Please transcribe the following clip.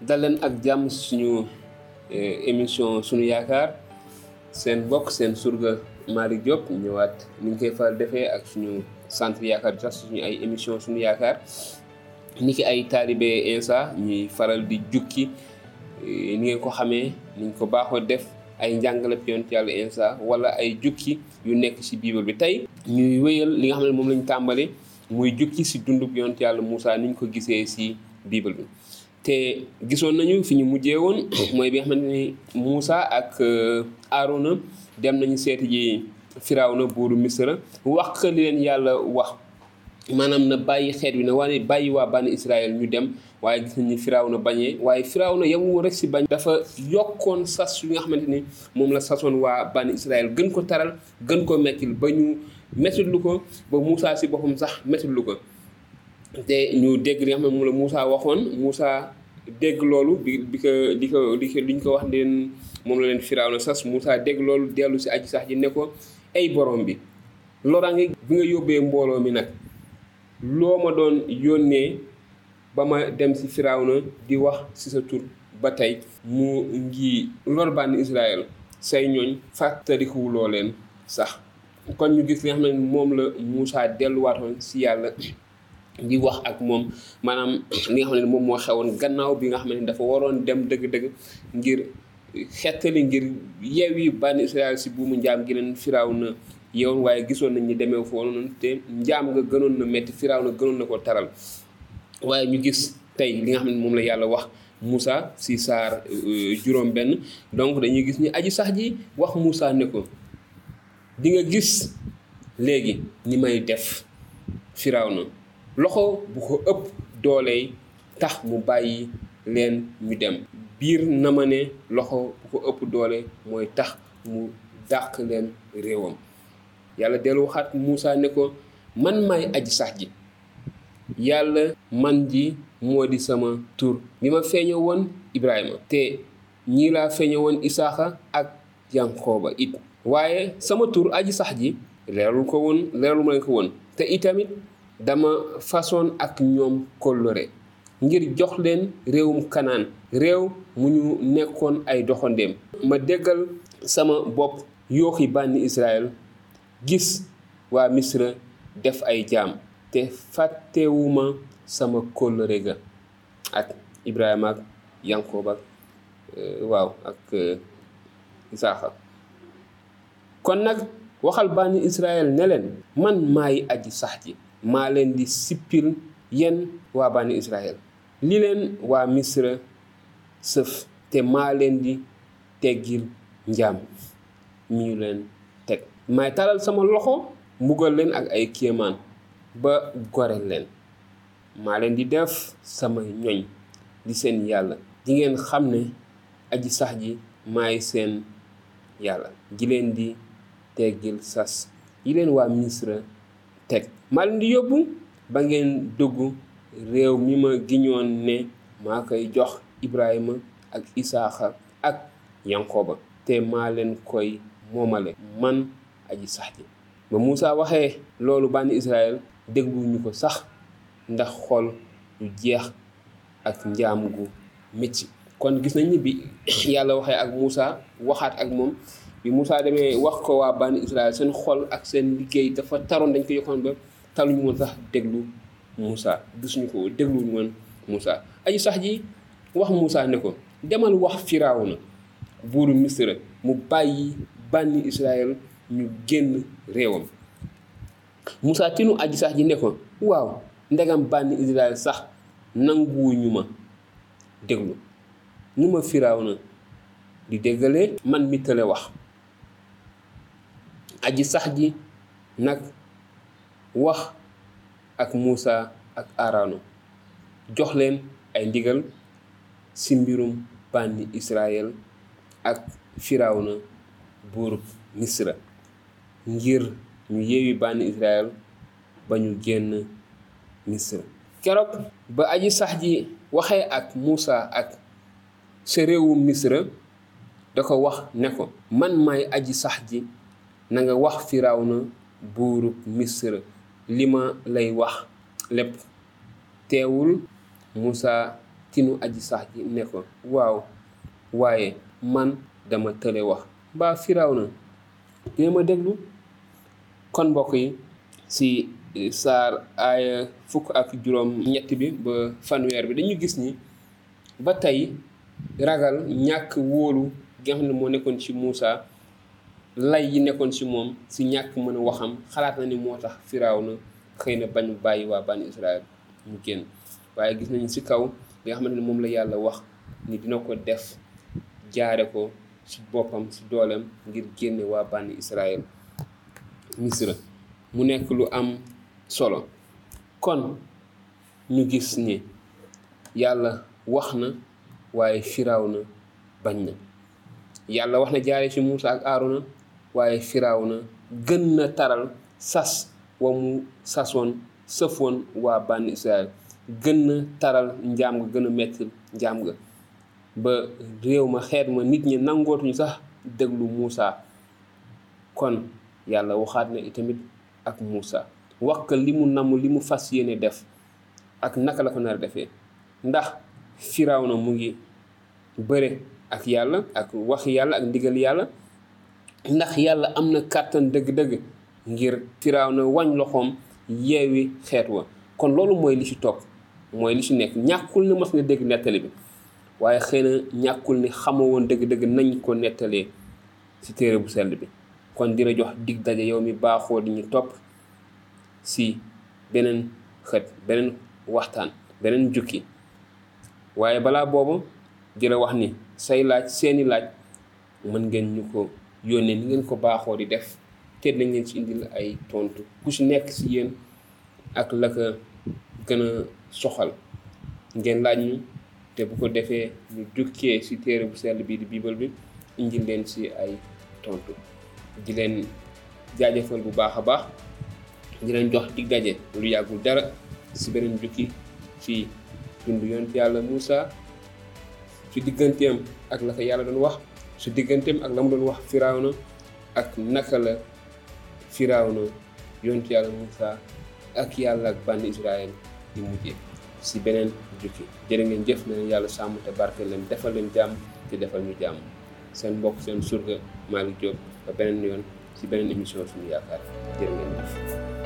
dalen ak jam suñu eh, émission suñu yaakaar sen bok sen surga mari Diop ñëwaat ni ngi koy faral ak suñu centre yakar sax suñu ay émission suñu yaakaar ni ki ay talibé insa ñuy faral di jukki eh, ni ngeen ko xamee niñ ko baxo def ay pion ci yalla insa wala ay jukki yu nekk ci bible bi tay ñuy wëyel li nga xamné mom lañu tambalé muy jukki si dundub yonent yalla Moussa niñ ko gisé ci bible bi te gisoon nañu fi ñu mujjee woon mooy bi nga xamante ni Moussa ak Aarona euh, dem nañu seeti ji firaw Firawna buuru Misra wax li leen yàlla wax maanaam na bàyyi xeet wi ne waaye bàyyi waa bànn israel ñu dem waaye gis nañu na bañee waaye na Firawna yemu rek si bañ dafa yokkoon sas yu nga xamante ni moom la sasoon waa bànn Israël gën ko taral gën ko mettil ba ñu mettitlu ko ba Moussa si boppam sax mettitlu ko te ñu dégg li nga xam moom la Moussa waxoon Moussa dégg loolu bi bi ko di ko di ko li ñu ko wax leen moom la leen Firawna sas Moussa dégg loolu dellu si aji sax ji ne ko ay borom bi loraange bi nga yóbbee mbooloo mi nag loo ma doon yónnee ba ma dem si Firawna di wax si sa tur ba tey mu ngi lor bànn Israël ñooñ fàttalikuwuloo leen sax kon ñu gis moom la Moussa delluwaatoon si yàlla di wax ak mom manam li nga xamne mom mo xewon gannaaw bi nga xamne dafa waron dem deug deug ngir xettali ngir yew yi bànni israel si buumu njaam gi len firawna yewon waye gisoon nañ ñu demee foofu non te njaam nga gënon na metti firawna gënon nako taral waye ñu gis tay li nga xamne mom la yalla wax Musa si sar euh, jurom ben donc dañuy gis ni aji sax ji wax Musa ne ko di nga gis legi ni may def firawna loxo bu ko ëpp dooley tax mu bàyyi leen ñu dem biir na ma ne loxo bu ko ëpp doole mooy tax mu dàq leen réewam yàlla dellu waxaat Moussa ne ko man may aj sax ji yàlla man ji moo di sama tur bi ma feeñe woon Ibrahima te ñii laa feeñe woon Isaaxa ak Yanqooba it waaye sama tur aji sax ji leerul ko woon leerul ma ko woon te itamit dama façon ak ñoom kóllëre ngir jox leen réewum kanaan réew mu ñu nekkoon ay doxandeem ma déggal sama bopp yooxi bànni Israël gis waa Misra def ay jaam te fàttewuma sama kóllëre ga ak Ibrahima ak ak euh, waaw ak euh, Isaaxa kon nag waxal bànni Israël ne leen man maay aji sax ji maa leen di sippil yenn waa bani Israël li leen waa Misra sëf te maa leen di teggil njaam mi ñu leen teg may talal sama loxo mbugal leen ak ay kéemaan ba gore leen maa leen di def sama ñoñ di seen yàlla di xam ne aji sax ji maay seen yàlla ji leen di teggil sas yi leen waa Misra teg maa leen di yóbbu ba ngeen dugg réew mi ma giñoon ne maa koy jox Ibrahima ak Isaaxa ak Yankoba te maa leen koy moomale man aji sax ji ba Moussa waxee loolu bànni Israël dégluwuñu ko sax ndax xool yu jeex ak njaam gu métti kon gis nañ ni yàlla waxee ak Moussa waxaat ak moom bi Moussa demee wax ko waa bani Israël seen xol ak seen liggéey dafa taroon dañ ko yokkoon ba taluñu woon sax déglu Moussa gisuñu ko dégluñu woon musaa aji sax ji wax Moussa ne ko demal wax Firawna buuru Misra mu bàyyi bànni Israël ñu génn réewam Moussa tinu aji sax ji ne ko waaw ndegam bànni Israël sax nanguwuñu ma déglu nu ma na di déggalee man mi tële wax aji sax ji nag wax ak Muusa ak Aarona jox leen ay ndigal ci mbirum bandi Israël ak Firawna buurub Misra ngir ñu yeewi bandi israel ba ñu génn Misra keroog ba aji sax ji waxee ak Muusa ak sa réewum Misra da ko wax ne ko man may aji sax ji na nga wax firawna buurub misra li ma lay wax lépp teewul Musaa tinu aji sax ji ne ko waaw waaye man dama tële wax mbaa firawna dee ma déglu kon mbokk yi si eh, saar aaya fukk ak juróom ñett bi ba fanweer bi dañu gis ni ba tey ragal ñàkk wóolu gi nga ne moo nekkoon ci Musaa lay yi nekkoon ci moom ci ñàkk mën a waxam xalaat na ni moo tax firaaw na xëy na bañ bàyyi waa bani israel mu génn waaye gis nañu ci kaw li nga xamante ne moom la yàlla wax ni dina ko def jaare ko boppam ci dooleem ngir génne waa bànni israel misra mu nekk lu am solo kon ñu gis ni yàlla wax na waaye firaaw na bañ na yàlla wax na jaare ci Muusa ak Aaruna waaye firawna gën na taral sas wa mu sasoon sëfoon waa bànni Israël gën na taral njaam nga gën a metti njaam nga ba réew ma xeet ma nit ñi nangootuñu sax déglu Muusa kon yàlla waxaat na itamit ak Muusa wax ka li mu namm li mu fas yéene def ak naka la ko nar a defee ndax firawna mu ngi bëre ak yàlla ak wax yàlla ak ndigal yàlla ndax yàlla am na kàttan dëgg-dëgg ngir firaaw na wañ loxoom yeewi xeet wa kon loolu mooy li ci topp mooy li ci nekk ñàkkul ne mas nga dégg nettali bi waaye xëy na ñàkkul ne xamoo woon dëgg-dëgg nañ ko nettalee ci téere bu sell bi kon dina jox digg daje yow mi baaxoo di topp si beneen xët beneen waxtaan beneen jukki waaye balaa boobu di wax ni say laaj seeni laaj mën ngeen ñu ko yone ni ngeen ko baaxoo di def te nañ leen ci indil ay tontu ku ci nekk si yéen ak la ko gën a soxal ngeen laaj ñu te bu ko defee ñu jukkee si téere bu sell bii di biibal bi indil leen ci ay tontu di leen jaajëfal bu baax a baax di leen jox dig daje lu yàggul dara si beneen jukki ci dund yonent yàlla Moussa ci digganteem ak la ko yàlla doon wax su digganteem ak la doon wax firawna ak naka la firawna yont yalla musa ak yalla ak ban Israël di mujjé si benen jukki jërë ngeen jëf na yalla sàmm te barke leen defal leen jam te defal ñu jàmm seen mbokk seen surga malik Diop ba benen yoon si benen émission suñu yaakaar jërë ngeen jëf